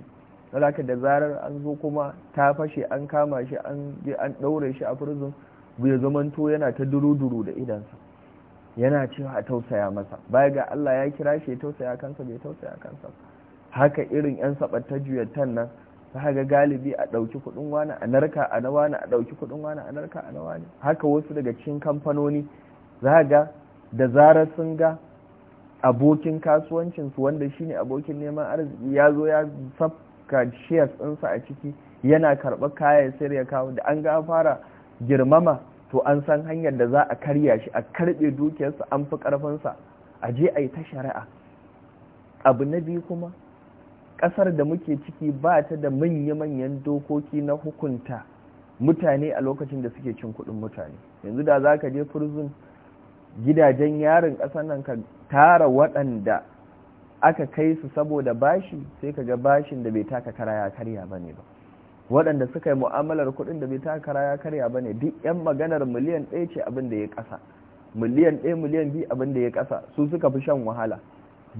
zaka da zarar an zo kuma ta fashe an kama shi an je an daure shi a prison bai zamanto yana ta duruduru duru da idansa yana cewa a tausaya masa baya ga Allah ya kira shi ya tausaya kansa bai tausaya kansa haka irin yan sabatta juyattan nan za ga galibi a ɗauki kuɗin wani a narka a na wani a ɗauki kuɗin wani a narka a na wani haka wasu daga cikin kamfanoni za ga da zarar sun ga abokin kasuwancinsu wanda shine abokin neman arziki ya zo ya ga shares ɗinsa a ciki yana karɓar kayan sayar ya kawo da an ga fara girmama to an san hanyar da za a karya shi a karɓe dukiyarsa an fi ƙarfinsa a je a yi ta shari'a abu na biyu kuma ƙasar da muke ciki ba ta da manya-manyan dokoki na hukunta mutane a lokacin da suke cin kuɗin mutane yanzu da za ka je prison gidajen yarin ƙasar nan ka tara waɗanda aka kai su saboda bashi sai kaga bashin da bai taka kara ya karya bane ba waɗanda suka yi mu'amalar kuɗin da bai taka kara ya karya bane duk yan maganar miliyan ɗaya ce abin da ya ƙasa miliyan ɗaya miliyan biyu abin da ya ƙasa su suka fi shan wahala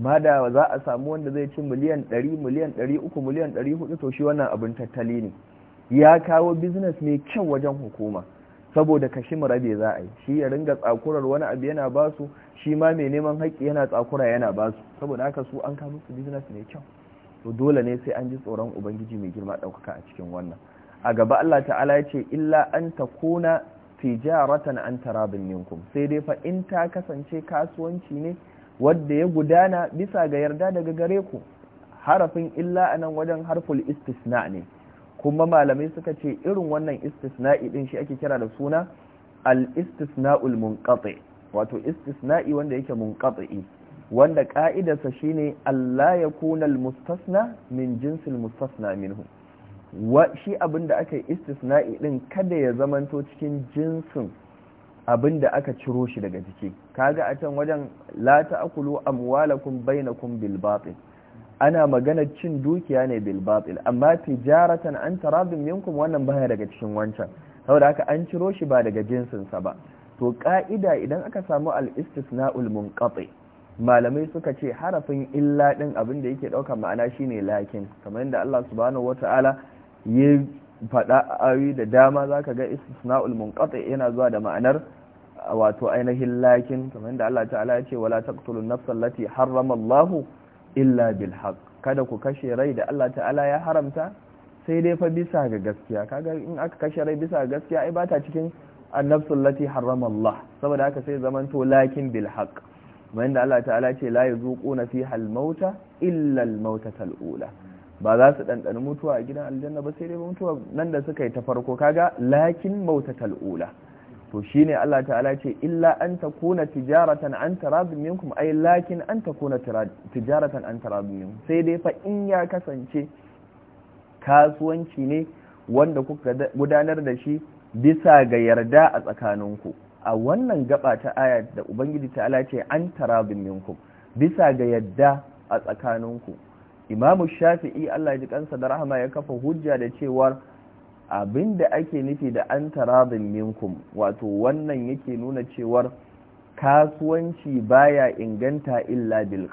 ma da za a samu wanda zai ci miliyan ɗari miliyan ɗari uku miliyan ɗari hudu to shi wannan abin tattali ne ya kawo biznes mai kyau wajen hukuma saboda kashin rabe za a yi shi ya ringa tsakurar wani abu yana ba su shi ma mai neman haƙƙi yana tsakura yana ba su saboda haka su an kama su business ne kyau to dole ne sai an ji tsoron ubangiji mai girma ɗaukaka a cikin wannan a gaba Allah ta'ala ya ce illa an ta kuna tijaratan an tarabin minkum sai dai fa in ta kasance kasuwanci ne wadda ya gudana bisa ga yarda daga gare ku harafin illa a nan wajen harful istisna ne kuma malamai suka ce irin wannan istisna'i din shi ake kira da suna al-istisna'ul munqati wato istisna'i wanda yake munqati wanda ka'idarsa shine Allah ya kuna al-mustasna min jinsil mustasna minhu wa shi abinda aka yi istisna'i din kada ya zamanto cikin jinsin abinda aka ciro shi daga jiki kaga a can wajen la ta'kulu amwalakum bainakum bil batil ana maganar cin dukiya ne bil batil amma tijaratan an taradin minkum wannan baya daga cikin wancan saboda haka an ciro shi ba daga jinsinsa ba to ka'ida idan aka samu al istisna'ul munqati malamai suka ce harafin illa din abin da yake dauka ma'ana shine lakin kamar yadda Allah subhanahu wataala ya faɗa awi da dama zaka ga istisna'ul munqati yana zuwa da ma'anar wato ainihin lakin kamar yadda Allah ta'ala ya ce wala taqtulun nafsallati harrama Allahu illa bil haqq kada ku kashe rai da Allah ta'ala ya haramta sai dai fa bisa ga gaskiya kaga in aka kashe rai bisa ga gaskiya ai bata cikin annafsul lati harrama Allah saboda haka sai zaman to lakin bil haqq da Allah ta'ala ce la yuzuquna fiha al mauta illa al al ula ba za su dan mutuwa a gidan aljanna ba sai dai mutuwa nan da suka yi ta farko kaga lakin mautatal ula to ne Allah ta'ala ce illa an takuna tijaratan an taradun minkum ay lakin an takuna tijaratan an taradun minkum sai dai fa in ya kasance kasuwanci ne wanda kuka gudanar da shi bisa ga yarda a tsakaninku a wannan gaba ta aya da ubangiji ta'ala ce an taradun minkum bisa ga yarda a tsakaninku imamu shafi'i Allah ya ji kansa da rahama ya kafa hujja da cewar Abin da ake nufi da an taradin minkum wato wannan yake nuna cewar kasuwanci baya inganta illa bil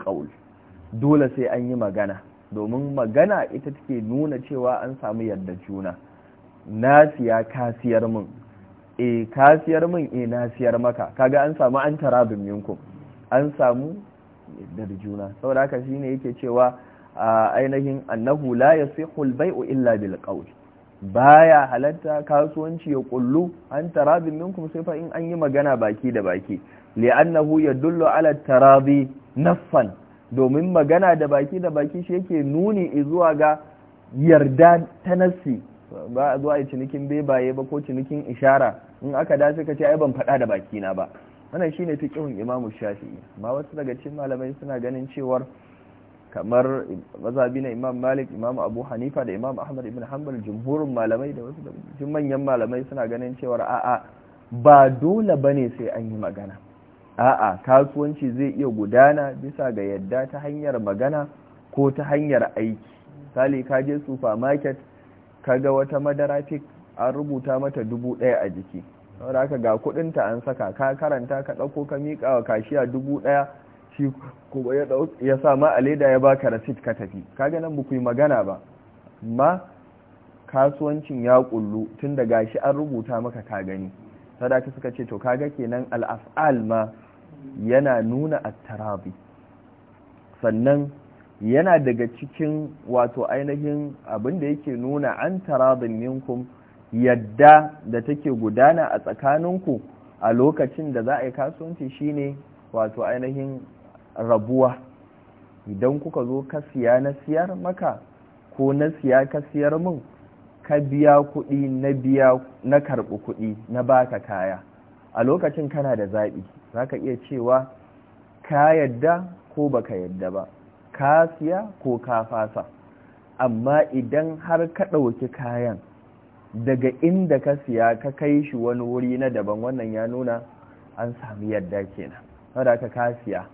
dole sai an yi magana domin magana ita take nuna cewa an samu yadda juna na kasiyar min e eh, kasiyar min e eh, na maka kaga an samu an taradin minkum an samu yardar juna saboda haka shine yake cewa ainihin annahu la yasihul bai'u illa bil baya halatta kasuwanci ya kullu an tarabi minkum sai fa in an yi magana baki da baki li'annahu yadullu ala tarabi naffan domin magana da baki da baki shi yake nuni zuwa ga yarda ta nassi ba a zuwa cinikin bebaye ba ko cinikin ishara in aka dace ka ce ai ban faɗa da baki na ba wannan shine fiqhun Imamu Shafi'i amma wasu daga cikin malamai suna ganin cewar kamar mazhabi na imam malik imam abu hanifa da imam ahmad ibn hanbal jumhurin malamai da wasu jin manyan malamai suna ganin cewar a'a ba dole bane sai an yi magana a'a kasuwanci zai iya gudana bisa ga yadda ta hanyar magana ko ta hanyar aiki misali ka je supermarket kaga wata madara fik an rubuta mata dubu ɗaya a jiki saboda haka ga kuɗinta an saka ka karanta ka ɗauko ka miƙa wa kashiya dubu ɗaya shi kuma ya sa ma a leda ya baka rasit ka tafi kaga nan buku magana ba ma kasuwancin ya kullu tun da gashi an rubuta maka ka gani sadaka suka ce to kaga kenan al-af'al ma yana nuna at-tarabi sannan yana daga cikin wato ainihin abin da yake nuna an tarabin minkum yadda da take gudana a tsakaninku a lokacin da za a yi kasuwanci shine wato ainihin rabuwa idan kuka zo ka siya na siyar maka ko na siya ka siyar min ka biya kuɗi na biya na karɓi kuɗi na baka kaya a lokacin kana da zaɓi za ka iya cewa ka yadda ko baka yadda ba ka siya ko ka fasa amma idan har ka ɗauki kayan daga inda ka siya ka kai shi wani wuri na daban wannan ya nuna an sami yadda kenan wadda ka siya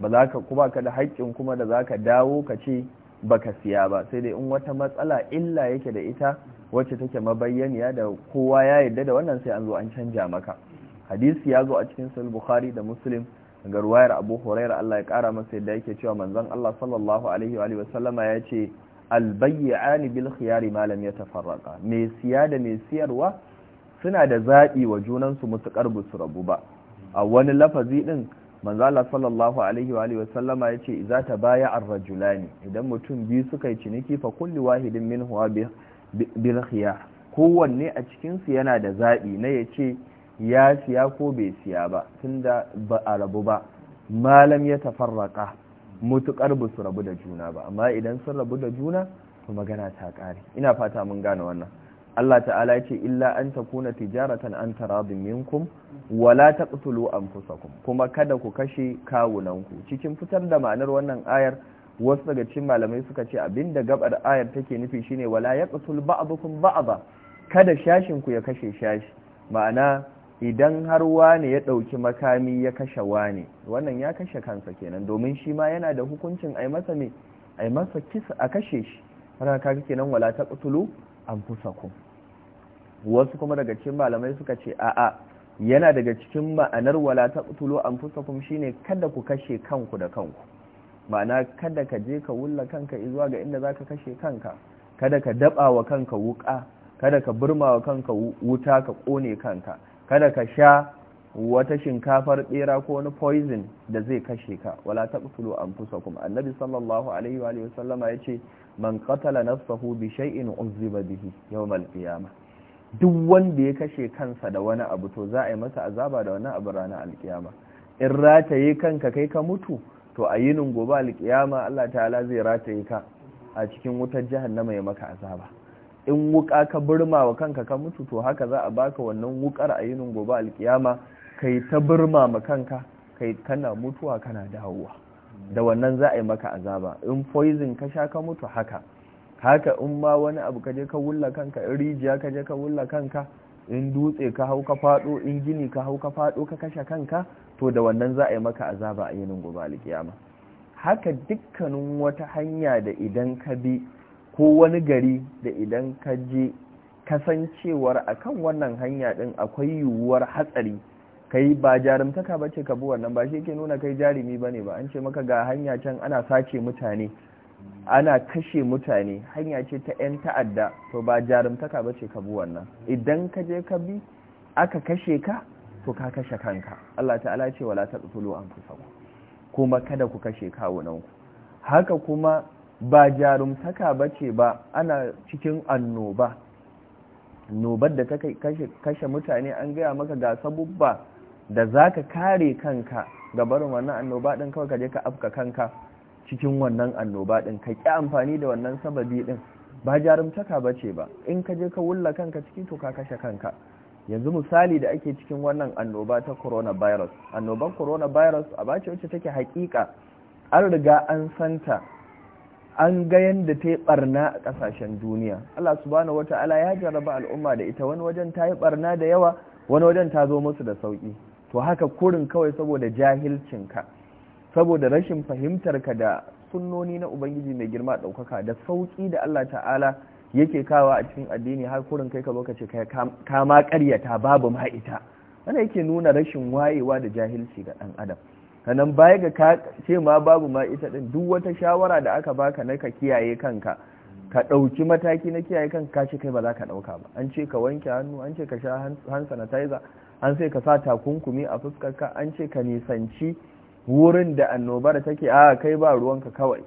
ba za ka kuma ka da haƙƙin kuma da za ka dawo ka ce ba ka siya ba sai dai in wata matsala illa yake da ita wacce take mabayyaniya da kowa ya yarda da wannan sai an zo an canja maka hadisi ya zo a cikin sahih bukhari da muslim ga ruwayar abu hurairah Allah ya kara masa yadda yake cewa manzon Allah sallallahu alaihi wa alihi wasallama ya ce al bay'ani bil khiyari ma lam yatafarraqa me siya da me siyarwa suna da zaɓi wa junan su mutukar su rabu ba a wani lafazi din manzala sallallahu alaihi wa alihi wasallama yace idza baya ar-rajulani idan mutum biyu suka yi ciniki fa kulli wahidin minhu bil khiyar kowanne a cikinsu su yana da zaɓi na ya ce ya siya ko bai siya ba tunda ba a rabu ba malam ya tafarraka mutukar ba su rabu da juna ba amma idan sun rabu da juna to magana ta ƙare ina fata mun gane wannan Allah ta'ala ya ce illa an takuna tijaratan an taradin minkum wala taqtulu anfusakum kuma kada ku kashe kawunanku cikin fitar da ma'anar wannan ayar wasu daga cikin malamai suka ce abinda gabar ayar take nufi shine wala yaqtul ba'dukum ba'da kada shashin ku ya kashe shashi ma'ana idan har wani ya dauki makami ya kashe wani wannan ya kashe kansa kenan domin shi ma yana da hukuncin ai masa ne ai masa kisa a kashe shi haka kaga kenan wala taqtulu anfusakum wasu kuma daga cikin malamai suka ce a'a yana daga cikin ma'anar wala taqtulu anfusakum shine kada ku kashe kanku da kanku ma'ana kada ka je ka wulla kanka zuwa ga inda zaka kashe kanka kada ka daba wa kanka wuka kada ka burma wa kanka wuta ka kone kanka kada ka sha wata shinkafar bera ko wani poison da zai kashe ka wala an fusa kuma annabi sallallahu alaihi wa alihi wasallama yace man qatala nafsahu bi shay'in uzziba bihi yawm al duk wanda ya kashe kansa da wani abu to za a yi masa azaba da wani abu ranar alkiyama in rataye kanka kai ka mutu to a yinin gobe alkiyama Allah ta'ala zai rataye ka a cikin wutar jahannama ya maka azaba in wuka ka burma wa kanka ka mutu to haka za a baka wannan wukar a yinin gobe alkiyama kai ta birma ma kanka kai kana mutuwa kana dawowa da wannan za a yi maka azaba in poison ka sha ka mutu haka haka in ma wani abu ka je ka wulla kanka in rijiya ka je ka wulla kanka in dutse ka hau ka fado in gini ka hau ka fado ka kashe kanka to da wannan za a yi maka azaba a yinin gobe alkiyama haka dukkanin wata hanya da idan ka bi ko wani gari da idan ka je kasancewar akan wannan hanya din akwai yiwuwar hatsari kai ba jarumtaka ba ce ka bi wannan ba shi ke nuna kai jarumi ba ne ba an ce maka ga hanya can ana sace mutane ana kashe mutane hanya ce ta 'yan ta'adda to ba jarumtaka ba ce ka bi wannan idan ka je ka bi aka kashe ka to ka kashe kanka Allah ta'ala ce wala kusa ku kuma kada ku kashe kawunanku haka kuma ba jarumtaka bace ba ana cikin annoba nobar da ta kashe mutane an gaya maka ga sabubba da za ka kare kanka ga barin wannan annoba ɗin kawai ka je ka afka kanka cikin wannan annoba ɗin? ka ƙi amfani da wannan sababi ɗin. ba jarumtaka bace ba in ka je ka wulla kanka ciki to ka kashe kanka yanzu misali da ake cikin wannan annoba ta coronavirus annoban coronavirus a bace wacce take hakika an riga an santa an ga yadda ta yi barna a kasashen duniya Allah subhanahu wata'ala ya jarraba al'umma da ita wani wajen ta yi barna da yawa wani wajen ta zo musu da sauki to haka kurin kawai saboda jahilcinka saboda rashin fahimtarka da sunnoni na ubangiji mai girma ɗaukaka da sauki da allah ta'ala yake kawa a cikin addini har kurin kai ka zo ka ce ka ƙaryata babu ma ita wannan yake nuna rashin wayewa da jahilci ga ɗan adam sannan baya ga ka ce ma babu ma ita ɗin duk wata shawara da aka baka na ka kiyaye kanka ka ɗauki mataki na kiyaye kanka ka ce kai ba za ka ɗauka ba an ce ka wanke hannu an ce ka sha hand sanitizer an sai ka sa takunkumi a fuskarka an ce ka nisanci wurin da annobar take a kai ba ruwanka kawai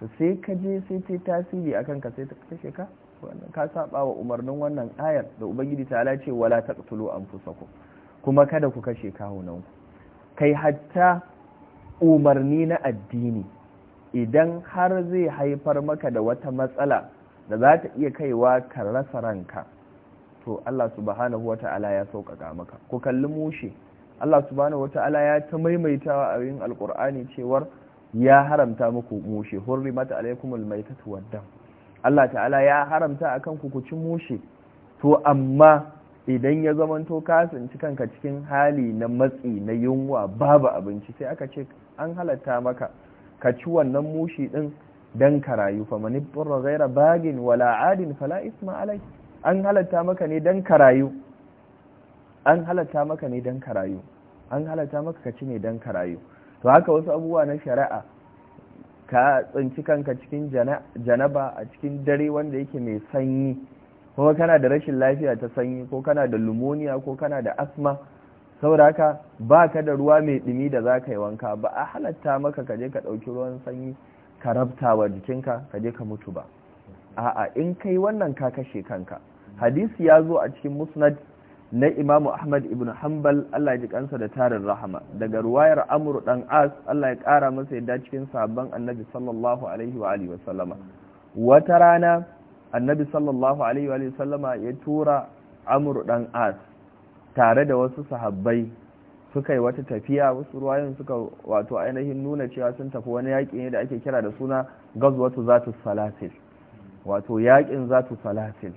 to sai ka je sai ta tasiri akan ka sai ta kashe ka wannan ka saba wa umarnin wannan ayar da ubangiji ta ala ce wala taqtulu anfusakum kuma kada ku kashe kawunan ku kai hatta umarni na addini idan har zai haifar maka da wata matsala da za ta iya kaiwa ka rasa ranka to Allah subhanahu wata'ala ya sauƙaƙa maka ku kalli mushe Allah subhanahu wata'ala ya ta maimaitawa a yin alƙur'ani cewar ya haramta muku mushe hurrimat alaikumul maitatu waddam Allah ta'ala ya haramta akan ku ku ci mushe to amma idan ya zamanto kasance kanka cikin hali na matsi na yunwa babu abinci sai aka ce an halatta maka ka ci wannan mushi din dan ka rayu fa manibbur ghaira bagin wala adin fala isma alai an halatta maka ne don ka rayu an halatta maka ne don ka an halatta maka ka ci ne don ka rayu to haka wasu abubuwa na shari'a ka tsinci kanka cikin janaba a cikin dare wanda yake mai sanyi kuma kana da rashin lafiya ta sanyi ko kana da lumoniya ko kana da asma saboda haka ba ka da ruwa mai dumi da za ka yi wanka ba a halatta maka ka je ka ɗauki ruwan sanyi ka rabta wa jikinka ka je ka mutu ba a'a in kai wannan ka kashe kanka hadisi ya zo a cikin musnad na imamu Ahmad ibn Hanbal Allah ya ji kansa da tarin rahama daga ruwayar Amr dan As Allah ya kara masa yadda cikin sabon Annabi sallallahu alaihi wa alihi wasallama wata rana Annabi sallallahu alaihi wa alihi wasallama ya tura Amr dan As tare da wasu sahabbai suka yi wata tafiya wasu ruwayoyin suka wato ainihin nuna cewa sun tafi wani yaƙi ne da ake kira da suna gazwatu zatu salasil wato yaƙin zatu salasil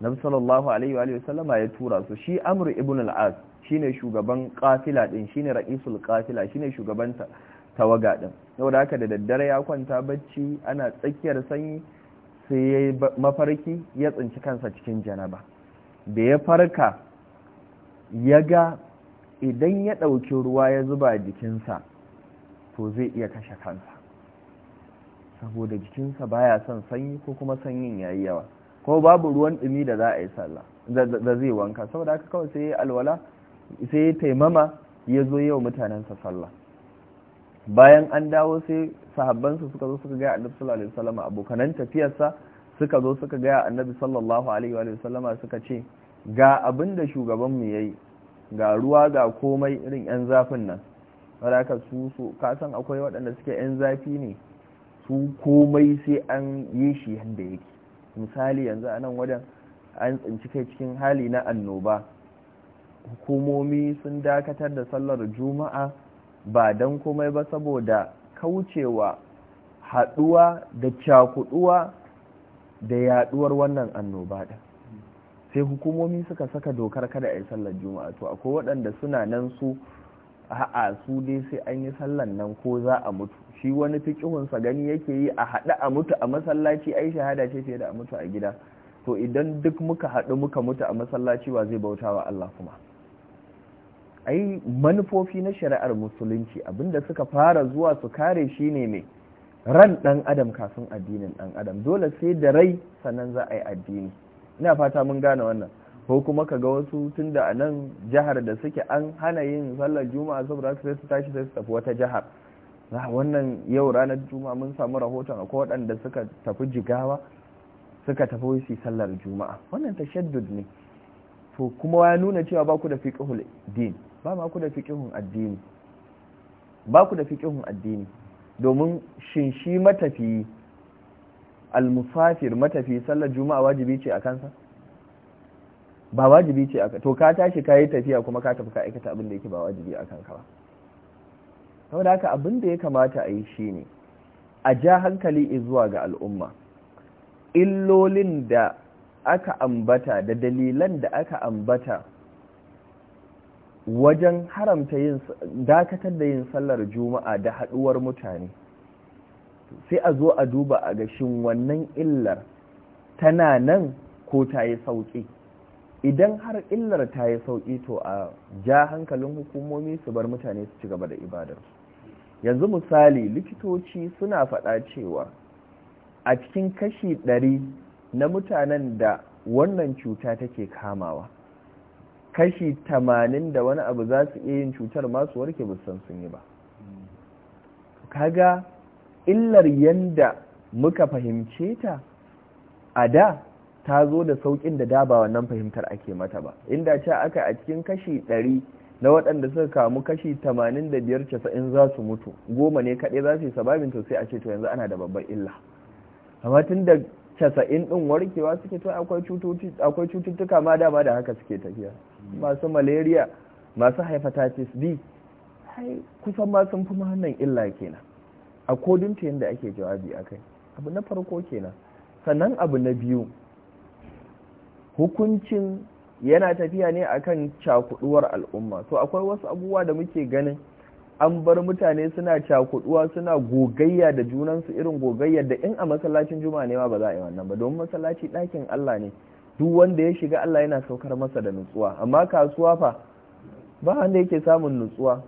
nabi sallallahu alaihi wa sallama ya tura su shi amru ibn al-as shine shugaban kafila din shine ra'isul qafila shine shugaban tawaga din saboda haka da daddare ya kwanta bacci ana tsakiyar sanyi sai yayi mafarki ya tsinci kansa cikin janaba da ya farka ya ga idan ya ɗauki ruwa ya zuba jikinsa to zai iya kashe kansa saboda jikinsa baya son sanyi ko kuma sanyin yayi yawa ko babu ruwan dumi da za a yi sallah da zai wanka saboda haka kawai sai alwala sai taimama ya zo yau mutanen sa sallah bayan an dawo sai sahabbansa suka zo suka gaya annabi sallallahu alaihi wasallam abokanan tafiyarsa suka zo suka gaya annabi sallallahu alaihi wasallama suka ce ga abin da mu yayi ga ruwa ga komai irin yan zafin nan wadaka su su san akwai waɗanda suke yan zafi ne su komai sai an yi shi yadda yake misali yanzu a nan wajen an tsinci kai cikin hali na annoba hukumomi sun dakatar da sallar juma'a ba don komai ba saboda kaucewa haduwa da cakuɗuwa da yaɗuwar wannan annoba da sai hukumomi suka saka dokar kada a yi sallar juma'a to akwai waɗanda suna nan su a'a su dai sai an yi sallar nan ko za a mutu shi wani fikihunsa gani yake yi a haɗu a mutu a masallaci ai shahada ce fiye da a mutu a gida to idan duk muka haɗu muka mutu a masallaci wa zai bauta wa Allah kuma ai manufofi na shari'ar musulunci abinda suka fara zuwa su kare shi ne mai ran ɗan adam kafin addinin ɗan adam dole sai da rai sannan za a yi addini ina fata mun gane wannan ko kuma ka ga wasu tun da a nan jihar da suke an hana yin sallar juma'a saboda su sai su tashi sai su tafi wata jihar Ah, wannan yau ranar juma'a mun samu rahoton akwai waɗanda suka tafi jigawa suka tafi wasu sallar juma'a wannan shaddud ne to kuma ya nuna cewa ba ku da fiƙihun din ba ma ku da fiƙihun addini ba ku da fiƙihun addini domin shin shi matafi almusafir matafi sallar juma'a wajibi ce a kansa ba wajibi ce a to ka tashi ka yi tafiya kuma ka tafi ka aikata abin da yake ba wajibi a kanka ba saboda haka abin da ya kamata a yi shi ne a ja hankali zuwa ga al'umma illolin da aka ambata da dalilan da aka ambata wajen haramta yin dakatar da yin sallar juma'a da haduwar mutane sai a zo a duba a gashin wannan illar tana nan ko ta yi sauƙi idan har illar ta yi sauƙi to a ja hankalin hukumomi su bar mutane su ci gaba da ibadarsu yanzu misali likitoci suna faɗa cewa a cikin kashi ɗari na mutanen da wannan cuta take kamawa kashi tamanin da wani abu za su iya yin cutar masu warke busan sun yi ba kaga illar yanda muka fahimce ta a da ta zo da sauƙin da da nan fahimtar ake mata ba inda ce aka a cikin kashi ɗari na waɗanda suka kamu kashi 85-90 za su mutu goma ne kaɗai za su yi sababin to sai a ce to yanzu ana da babbar illa amma tun da 90 ɗin warkewa suke to akwai cututtuka ma dama da haka suke tafiya masu malaria masu hepatitis b kusan ma sun fi wannan illa kenan a kodin ta yadda ake jawabi a kai abu na farko kenan sannan abu na biyu hukuncin yana tafiya ne akan cakuduwar al'umma to akwai wasu abubuwa da muke ganin an bar mutane suna cakuduwa suna gogayya da junansu irin gogayya da in a masallacin juma'a ne ma ba za a yi wannan ba domin masallaci ɗakin Allah ne duk wanda ya shiga Allah yana saukar masa da nutsuwa amma kasuwa fa ba wanda yake samun nutsuwa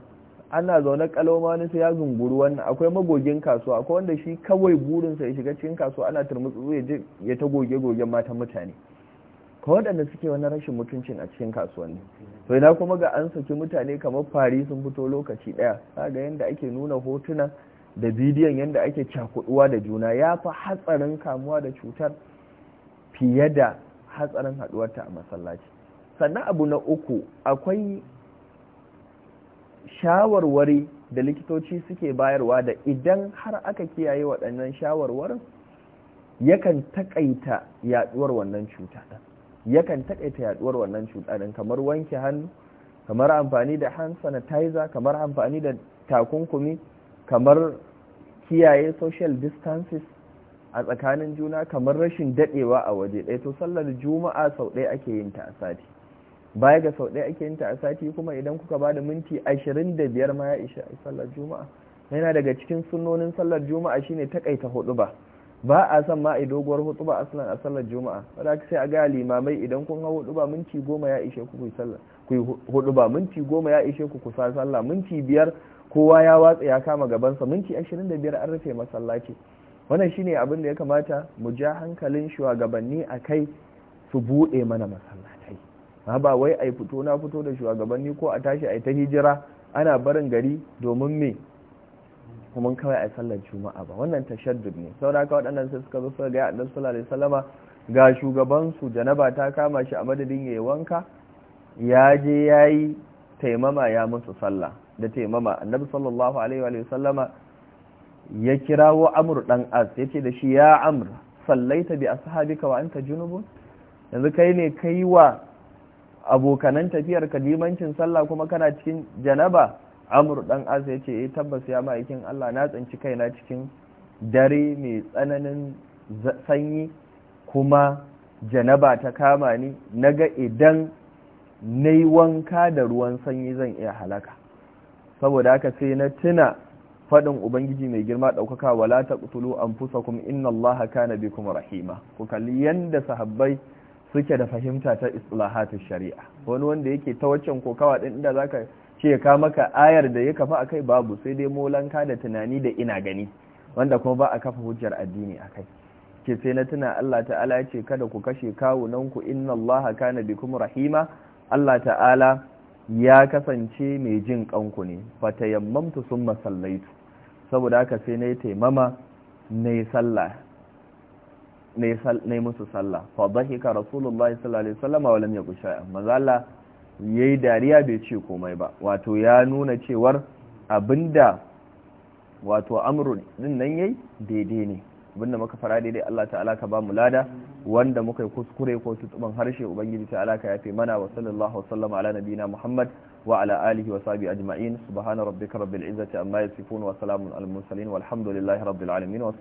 ana zaune kaloma ne sai ya zunguru wannan akwai magogin kasuwa akwai wanda shi kawai burinsa ya shiga cikin kasuwa ana turmutsu ya ta goge-gogen matan mutane ka waɗanda suke wani rashin mutuncin a cikin kasuwanni to ina kuma ga an saki mutane kamar fari sun fito lokaci ɗaya ga yanda ake nuna hotuna da bidiyon yanda ake cakuɗuwa da juna ya fi hatsarin kamuwa da cutar fiye da hatsarin haɗuwarta a masallaci sannan abu na uku akwai shawarwari da likitoci suke bayarwa da idan har aka kiyaye waɗannan shawarwarin yakan takaita yaduwar wannan cuta yakan takaita yaɗuwar wannan cuta kamar wanke hannu kamar amfani da hand sanitizer kamar amfani da takunkumi kamar kiyaye social distances a tsakanin juna kamar rashin daɗewa a waje ɗaya to sallar juma'a sau ɗaya ake yin ta a sati baya ga sau ɗaya ake yin ta a sati kuma idan kuka ba da minti ashirin da biyar ma ya isha sallar juma'a yana daga cikin sunnonin sallar juma'a shine takaita hudu ba ba a san ma a doguwar hudu ba aslan a sallar juma'a wadda sai a ga limamai idan kun hau hudu ba minti goma ya ishe ku ku hudu ba minti goma ya ishe ku kusa sallah minti biyar kowa ya watsa ya kama gabansa minti ashirin da biyar an rufe masallaci wannan shine abin da ya kamata mu ja hankalin shugabanni a kai su buɗe mana masallatai ba wai a fito na fito da shugabanni ko a tashi a ta hijira ana barin gari domin me kuma kawai a sallar juma'a ba wannan tashaddud ne saboda ka waɗannan sai suka zo suka ga annabi sallallahu alaihi wasallama ga shugaban su janaba ta kama shi a madadin yi wanka ya je yayi taimama ya musu sallah da taimama annabi sallallahu alaihi wa sallama ya kirawo amr dan as yace da shi ya amr sallaita bi ashabika wa anta junubun yanzu kai ne kai wa abokanan tafiyar kadimancin sallah kuma kana cikin janaba amur dan asa ya ce eh, tabbas ya ma'aikin Allah na tsanci kaina cikin dare mai tsananin sanyi kuma janaba ta kama ni na ga idan na yi wanka da ruwan sanyi zan iya halaka saboda haka sai na tuna faɗin ubangiji mai girma daukaka wala ta an taqtulu anfusakum innallaha kana kuma rahima ku kalli yanda sahabbai suke da fahimta ta islahatu shari'a wani wanda yake ta waccan kokawa ɗin inda zaka ce ka maka ayar da ya kafa akai babu sai dai molanka da tunani da ina gani wanda kuma ba a kafa hujjar addini akai ke sai na tuna Allah ta'ala ya ce kada ku kashe kawunanku inna Allah kana bikum rahima Allah ta'ala ya kasance mai jin kanku ne fatayammamtu sun sallaitu saboda haka sai na yi taimama na yi musu sallah fa bahika rasulullahi sallallahu alaihi wasallam wa lam yakush shay'an ya yi dariya bai ce komai ba wato ya nuna cewar abinda wato amurin din nan yayi daidai ne abinda muka fara daidai Allah ta'ala ka ba mu lada wanda muka yi kuskure ko tutuban harshe ubangiji ta'ala ka yafe mana wa sallallahu wasallama ala nabiyina muhammad wa ala alihi wa sahbihi ajma'in subhana rabbika rabbil izzati amma yasifun wa salamun al mursalin walhamdulillahi rabbil alamin